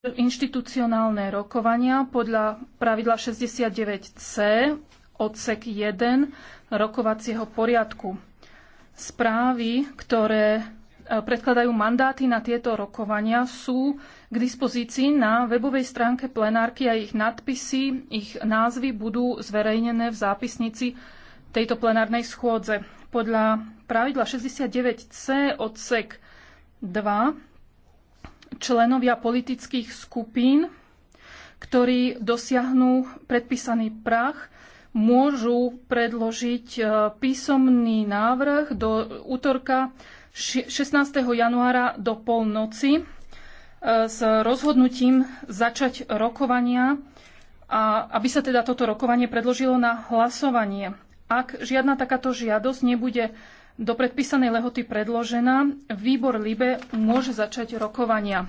inštitucionálne rokovania podľa pravidla 69c odsek 1 rokovacieho poriadku. Správy, ktoré e, predkladajú mandáty na tieto rokovania, sú k dispozícii na webovej stránke plenárky a ich nadpisy, ich názvy budú zverejnené v zápisnici tejto plenárnej schôdze. Podľa pravidla 69c odsek 2 členovia politických skupín, ktorí dosiahnu predpísaný prach, môžu predložiť e, písomný návrh do útorka 16. januára do polnoci e, s rozhodnutím začať rokovania, a aby sa teda toto rokovanie predložilo na hlasovanie. Ak žiadna takáto žiadosť nebude do predpísanej lehoty predložená, výbor LIBE môže začať rokovania.